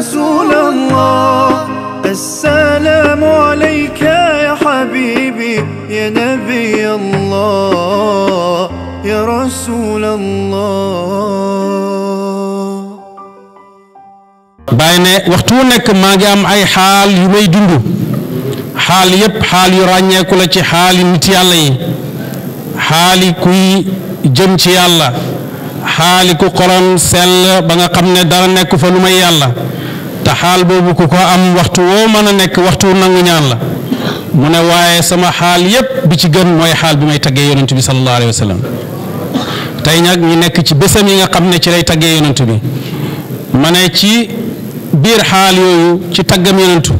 رسول الله السلام عليك يا حبيبي يا نبي الله يا رسول الله baay ne waxtu wu nekk maa ngi am ay xaal yu may dund xaal yépp xaal yu ràññeeku la ci xaali nit yàlla yi xaali kuy jëm ci yàlla xaali ku xolam sell ba nga xam ne dara nekk fa lu may yàlla xaal boobu ku ko am waxtu woo mën a nekk waxtu nangu ñaan la mu ne waaye sama xaal yépp bi ci gën mooy xaal bi may taggee yonent bi sallallahu alayhi wa nag ñu nekk ci bésam yi nga xam ne ci lay taggee yonent bi ma ne ci biir xaal yooyu ci taggam yonentu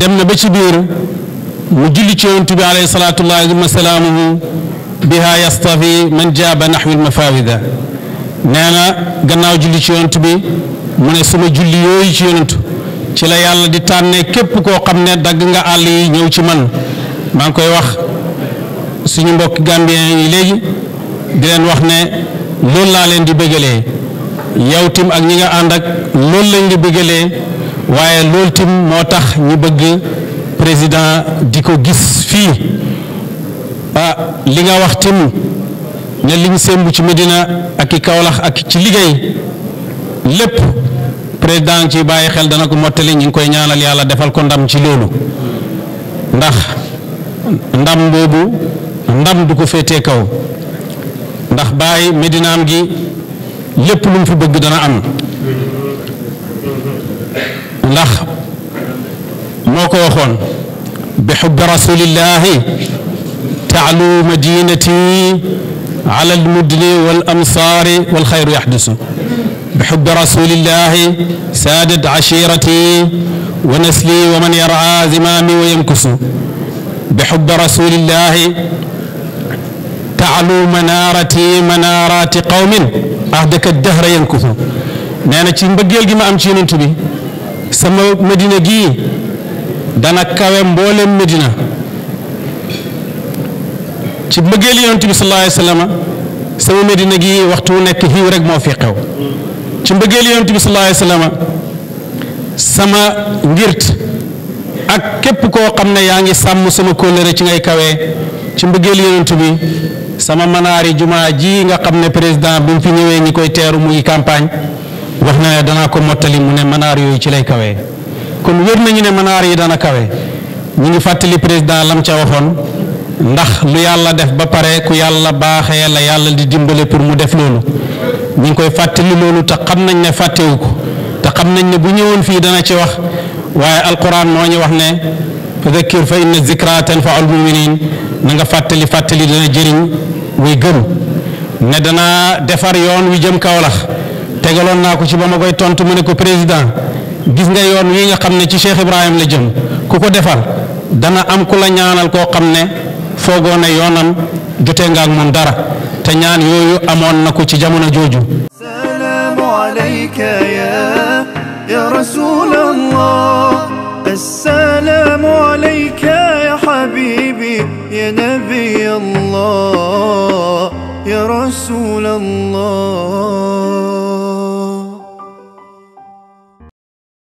dem na ba ci biir mu julli ci yonent bi alayhi salaatullahi wa salaamuhu biha yastafi man jaaba naxwi lmafawida nee na gannaaw julli ci yonent bi mune ne sama julli yoy ci yonentu ci la yalla di tanne kep ko xamne dag nga àll yi ñëw ci man maa ngi koy wax suñu mbokk gambien yi legi di len wax ne lool la len di bëggalee yow tim ak ñi nga and ak lool lañ di waye lool tim motax ñu bëgg président diko gis fi ba li nga wax tim ne liñ sembu ci Medina ak kaolax ak ci liggey lepp président ci bàyyi xel dana ko mottali ñu ngi koy ñaanal yàlla defal ko ndam ci loolu ndax ndam boobu ndam du ko féetee kaw ndax bàyyi medinaam gi lépp lu mu fi bëgg dana am ndax moo ko waxoon bi xubbi rasulillahi taalu madinati ala almudni wal amsaari wal xayru yaxdusu بحب رسول الله سادت عشيرتي ونسلي ومن يرعى زمامي ويمكس بحب رسول الله تعلو منارتي منارات قوم أهدك الدهر ينكث nee na ci mbëggeel gi ma am ci yonent bi sama medina gii dana kawe mboolem medina ci mbëggeel yonent bi sallallahu alayhi wa sallam sama medina gii waxtu nekk xiiw rek moo fi xew ci mbëggeel yonent bi sama ngirt ak képp koo xam ne yaa ngi sàmm sama kóllëre ci ngay kawee ci mbëggeel yonent bi sama manaari jumaa ji nga xam ne président bi mu fi ñëwee ñi koy teeru muy campagne wax na ne danaa ko mottali mu ne manaar yooyu ci lay kawee kon wér nañu ne manaar yi dana kawe ñu ngi fàttali président lam ca waxoon ndax lu yàlla def ba pare ku yàlla baaxee yàlla yàlla di dimbale pour mu def loolu ñu ngi koy fàttali loolu te xam nañ ne fàttewu ko te xam nañ ne bu ñëwoon fii dana ci wax waaye alquran moo ñu wax ne fa dakkir fa inna fa tanfaul muminin na nga fàttali fàttali dana jëriñ muy gën ne dana defar yoon wi jëm Kaolack tegaloon naa ko ci ba ma koy tontu mu ne ko président gis nga yoon wi nga xam ne ci Cheikh Ibrahim la jëm ku ko defar dana am ku la ñaanal koo xam ne foogoon ne yoonam jotee nga ak moom dara تنيان يويو أمون نكو تجامونا جوجو السلام عليك يا يا رسول الله السلام عليك يا حبيبي يا نبي الله يا رسول الله